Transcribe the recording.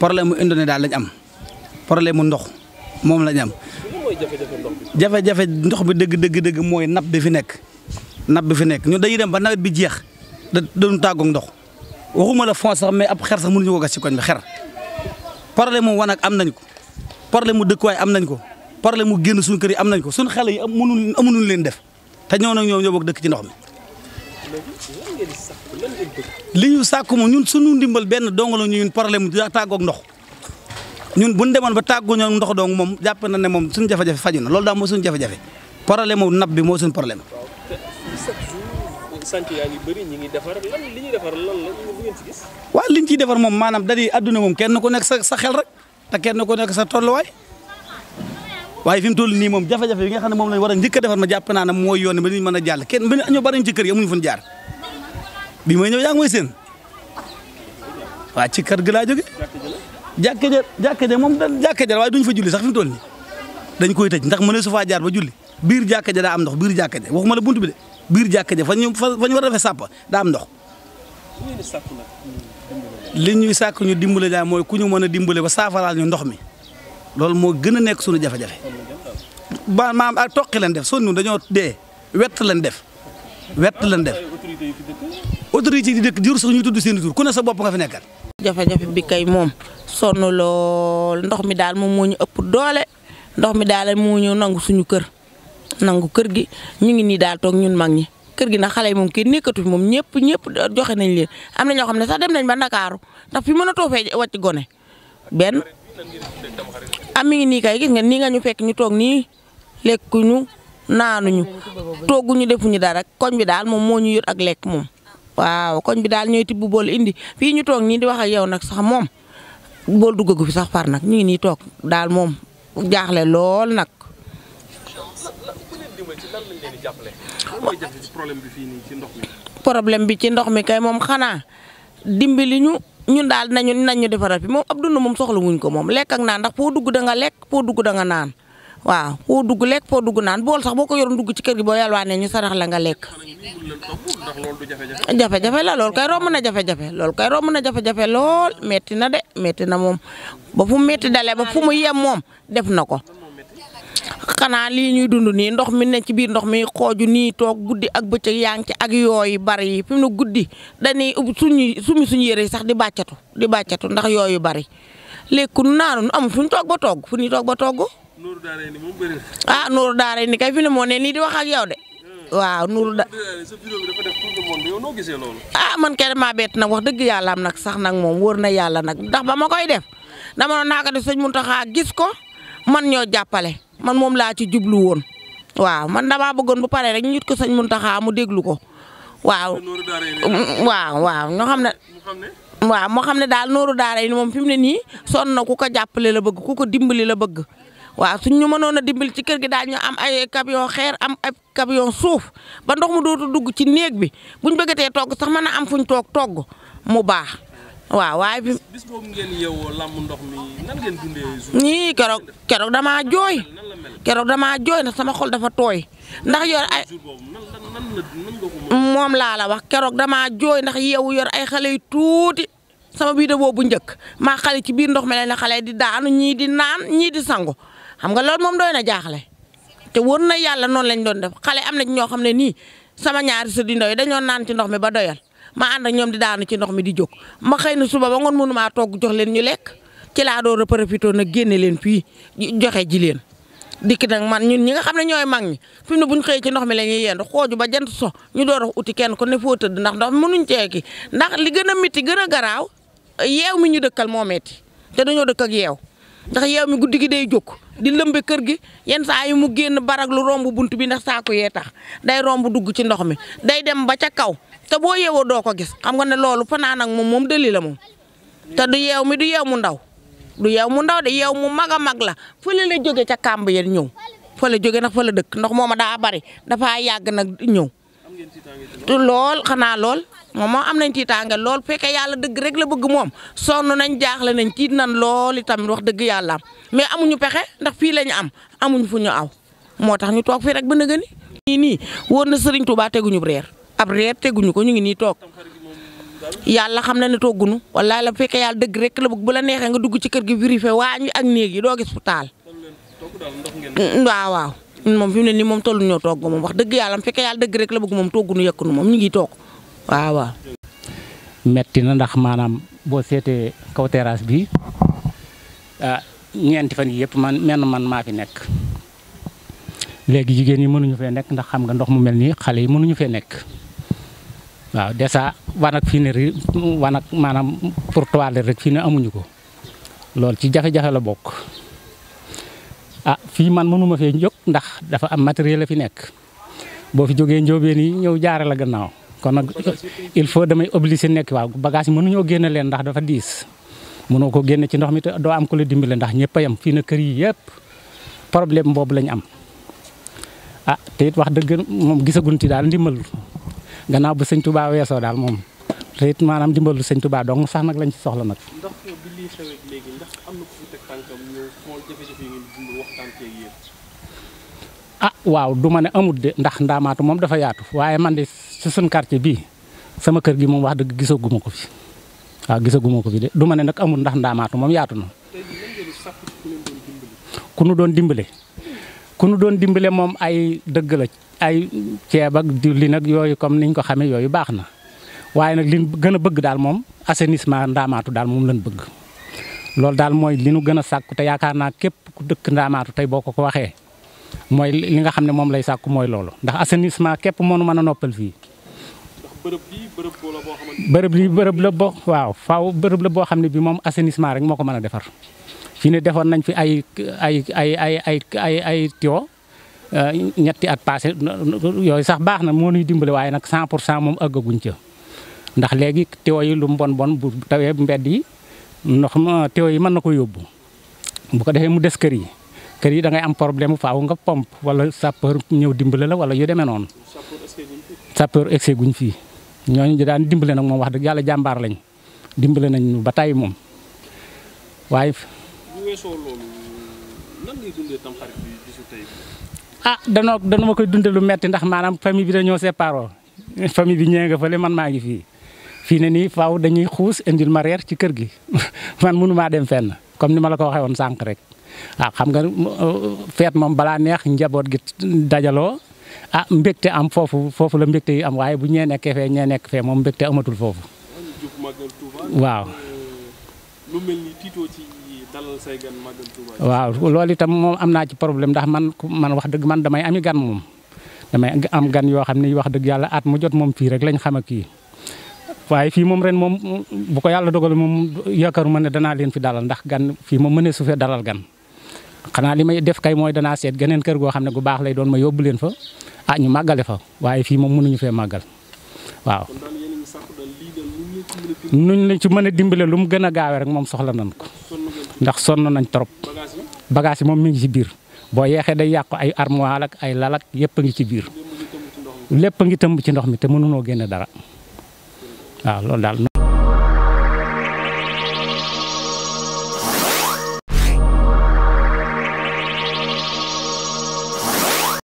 problème mu indone daal lañ am problème mu ndox moom lañ am. jafe-jafe ndox bi dëgg dëgg dëgg mooy napp bi fi nekk napp bi fi nekk ñun dañuy dem ba nawet bi jeex da doon tàggoog ndox waxuma la fond sax mais ab xer sax mënuñu ko a ci koñ bi xer problème wanag am nañ ko problème mu dëkkuwaay am nañ ko problème mu génn suñu kër yi am nañ ko suñu am yi am amuñu leen def te ñoo nag ñoom ñoo dëkk ci ndox mi. li ñu sàkku mu ñun suñu ndimbal benn dong la ñu ñun problème mu tàggoog ndox ñun bu ñu demoon ba tàgguñoo ndox dong moom jàpp na ne moom suñu jafe-jafe faju na loolu daal moo suñu jafe-jafe problème mu napp bi moo suñu problème. sant yaa ngi bëri ñi defar ci gis. waaw moom maanaam da di adduna moom kenn ku nekk sa sa xel rek te kenn ko nekk sa tolluwaay. waaye fi toll nii moom jafe-jafe bi nga a njëkk a defar ma jàpp naa ne mooy yoon ba ñu mën a jàll kenn ba ñu bari ci kër yi amuñu fu jaar bi may ñëw yaa ngi seen waa ci kër gi laa jóge jàkka ja jàkka ja moom da jàkka ja waaye duñ fa julli sax fi mu toll nii dañ koy tëj ndax mënee su faa jaar ba julli biir jàkka ja daa am ndox biir jàkka ja waxuma la buntu bi de biir jàkka ja fa ñu fa ñu war a defee sàpp daa am ndox li ñuy sàkk ñu dimbale daal mooy ku ñu mën a dimbale ba saafaraal ndox mi loolu moo gën a nekk suñu jafe-jafe ba maam ak toqi def soo ñun dañoo dee wett leen def wett leen def autorité yi jur sax ñu tudd seen tur ku ne sa bopp nga fi nekkal jafe-jafe bi kay moom sonn lool ndox mi daal moom moo ñu ëpp doole ndox mi daal moo ñu nangu suñu kër nangu kër gi ñu ngi nii daal toog ñun mag ñi kër gi nag xale yi moom kii nekkatu fi moom ñëpp ñëpp joxe nañ leen am na ñoo xam ne sax dem nañ ba Ndakaaru ndax fi mën a toofee wàcc gone benn ah mi ngi nii kay gis nga nii nga ñu fekk ñu toog nii lekkuñu naanuñu togguñu defuñu dara koñ bi daal moom moo ñu yor ak lekk moom. waaw koñ bi daal ñooy tibb bool indi fii ñu toog nii di wax a yow nag sax moom bool duggagu fi sax far nag ñu ngi nii toog daal moom jaaxle lool nag. problème bi ci ndox mi. kay moom xanaa dimbali ñu ñun daal nañu nañu defaral fi moom ab dund moom soxla wuñ ko moom lekk ak naan ndax foo dugg danga lekk foo dugg danga naan waaw foo dugg lekk foo dugg naan bool sax boo ko yoroon dugg ci kër gi boo yalwaanee ñu sarax la nga lekk. jafe-jafe la lool kay romb na jafe-jafe lool kay na jafe-jafe lool metti na de metti na moom ba fu metti dale ba fu mu yem moom def na ko. xanaa lii ñuy dund nii ndox mi ne ci biir ndox mi xooju nii toog guddi ak bëccëg yaa ngi ak yooyu bari yi mu ne guddi dañuy suñu sumi suñu yére yi sax di bàccatu di bàccatu ndax yooyu bari lekku nu naanu nu am fu toog ba toog fu ñuy toog ba togg. Nuuru Daara ni moom bëri ah Nuuru ni kay fi ne ne nii di wax ak yow de. Hmm. waaw Nuuru da ah man kay damaa bett nag wax dëgg yàlla am nag sax nag moom wóor na yàlla nag ndax ba ma koy def dama noon naa ko def sëñ Muntaxa gis ko. man ñoo jàppale man moom laa ci jublu woon waaw man damaa bëggoon bu pare rek ñu ko sëñ Muntaxa mu déglu ko waaw. waaw waaw xam ne. waaw moo xam ne daal nooru daara yi moom fi mu ne nii sonn na ku ko jàppale la bëgg ku ko dimbali la bëgg waaw suñ ñu mënoon a dimbali ci kër gi daal ñu am ay camion xeer am ay camion suuf ba ndox mu dootu dugg ci néeg bi bu buñ bëggatee togg sax mën a am fu ñu toog togg mu baax. waaw waaye bi bis boobu ngeen yeewoo damaa jooy keroog damaa jooy na sama xol dafa tooy ndax yor ay. moom laa la wax keroog damaa jooy ndax yeewu yor ay xale yu tuuti sama biir boobu njëkk maa xale ci biir ndox mi la leen xale di daanu ñii di naan ñii di sangu xam nga loolu moom doy na jaaxle te wër na yàlla noonu lañ doon def xale am na ci ñoo xam ne nii sama ñaari sët yu ndaw yi dañoo naan ci ndox mi ba doyal. ma ànd ñoom di daanu ci ndox mi di jóg ma xëy na suba ba ngoon mënumaa toog jox leen ñu lekk ci laa door a profité na génne leen fii joxe ji leen. dikk nag man ñun ñi nga xam ne ñooy mag ñi fi mu ne bu ñu xëyee ci ndox mi la yeen yendu xooju ba jant so ñu door uti kenn ko ne foo tëdd ndax ndox mënuñ ceeki ndax li gën a miti gën a garaaw yeew mi ñu dëkkal moo metti te dañoo dëkk ak yeew ndax yeew mi guddi gi day jóg di lëmbe kër gi yenn saa yi mu génn barag lu romb bunt bi ndax saako yee tax day romb dugg ci ndox mi day dem ba ca kaw te boo yeewoo doo ko gis xam nga ne loolu fanaan moom moom dëli la moom te du yeew mi du yeew mu ndaw du yeew mu ndaw de yeew mu mag a mag la fële la jóge ca kàmb yéen ñëw fële jóge nag fële dëkk ndox mooma daa bari dafa yàgg nag ñëw tu lool xanaa lool moom moo am nañ tiitaange lool fekkee yàlla dëgg rek la bëgg moom sonn nañ jaaxle nañ tiit nañ lool itam wax dëgg yàlla am mais amuñu pexe ndax fii ñu am amuñu fu ñu aw moo tax ñu toog fii rek bu nëgëni nii nii wóor na Serigne Touba teguñu reer ab reer teguñu ko ñu ngi nii toog yàlla xam na ne toggunu walaay la bu fekkee yàlla dëgg rek la bëgg bu la neexee nga dugg ci kër gi vérifié waañ wi ak néeg yi doo mm, moom fi ne nii moom tollu ñoo togg moom wax dëgg yàlla bu fekkee yàlla dëgg rek la bëgg moom toggunu yëkkunu moom ñu ngi toog waaw waaw. metti na ndax maanaam boo seetee kaw terrasse bi ah, ñeenti fan yii yëpp man menn man maa fi nekk léegi jigéen yi mënuñu fee nekk ndax xam nga ndox mu mel nii xale yi mënuñu fee nekk. waaw dèjà wanag fii ne rek wanag maanaam pour toilette rek fii ne amuñu ko loolu ci jafe-jafe la bokk ah fii man mënuma fee jóg ndax dafa am matériel la fi nekk boo fi jógee njóobeen nii ñëw jaare la gannaaw kon nag il faut damay obligé nekk waaw bagage yi mënuñoo génne leen ndax dafa diis mënoo ko génne ci ndox mi te doo am ko la dimbale ndax ñëpp a yam fii na kër yi yëpp problème boobu lañ am ah te it wax dëgg moom gisaguñ ci daal ndimbalu gannaaw bu sëñ Touba weesoo daal moom te it maanaam dimbalu sëñ Touba dong sax nag lañ ci soxla nag. na ku ah waaw du ma ne amut de ndax ndaamaatu moom dafa yaatu waaye man de ci suñ quartier bii sama kër gi moom wax dëgg gisaguma ko fi waaw ah, gisaguma ko fi de du ma ne nag amul ndax ndaamaatu moom yaatu na. ku nu doon dimbale ku doon dimbale moom ay dëgg la ay ceeb di diwlin nag yooyu comme niñ ko xamee yooyu baax na waaye nag liñ gën a bëgg daal moom assainissement ndaamaatu daal moom lañ bëgg loolu daal mooy li nu gën a sàkku te yaakaar naa képp ku dëkk ndaamaatu tey boo ko ko waxee mooy li nga xam ne moom lay sàkku mooy loolu ndax assainissement képp moo mën a noppal fii. bërëb bërëb la boo waaw faw bërëb la boo xam ne bii moom assainissement rek moo ko mën a defar fii ne defoon nañ fi ay ay ay ay ay ay ay Euh, ñetti at passé yooyu sax baax na moo nuy dimbale waaye nag san pour cent moom ëggaguñ ca ndax léegi tuyau yi lu mu bon bon bu tawee mbedd yi ndox ma tuyau yi mën na ko yóbbu bu ko defee mu des kër yi kër yi da ngay am problème faaw nga pompe wala sapeur ñëw dimbale la wala yu demee noonu. sapeur excès guñ fii ñooñu ñu daan dimbale nag moom wax dëgg yàlla jàmbaar lañ dimbale nañ ba tey moom waaye. ah danoo danu ma koy dundal lu metti ndax maanaam famille bi dañoo séparoo famille bi ñee nga fële man maa ngi fii fii ne nii faaw dañuy xuus indil ma reer ci kër gi man mënu maa dem fenn comme ni ma la ko waxee woon sànq rek waaw ah, xam nga euh, feet moom balaa neex njaboot gi dajaloo ah mbégte am foofu foofu la mbégte yi am waaye bu ñee nekkee fee ñee nekk fee moom mbégte amatul foofu waaw euh, waaw loolu itam moom am naa ci problème ndax man man wax dëgg man damay ami gan moom damay am gan yoo xam ne wax dëgg yàlla at mu jot moom fii rek lañ xam ak kii waaye fii moom ren moom bu ko yàlla dogal moom yaakaaruma ne danaa leen fi dalal ndax gan fii moom mënee su fee dalal gan xanaa li may def kay mooy danaa seet geneen kër goo xam ne gu baax lay doon ma yóbbu leen fa a ah, ñu màggale fa waaye fii moom mënuñu fee màggal waaw nuñ la ci mën a dimbale lu mu gën a gaawe rek moom soxla nan ko ndax sonn nañ trop bagage yi moom mi ngi ci biir boo yeexee day yàqu ay armoire ak ay lalak yëpp a ngi ci biir lépp a ngi tëmb ci ndox mi te mënunoo génne dara waaw loolu daal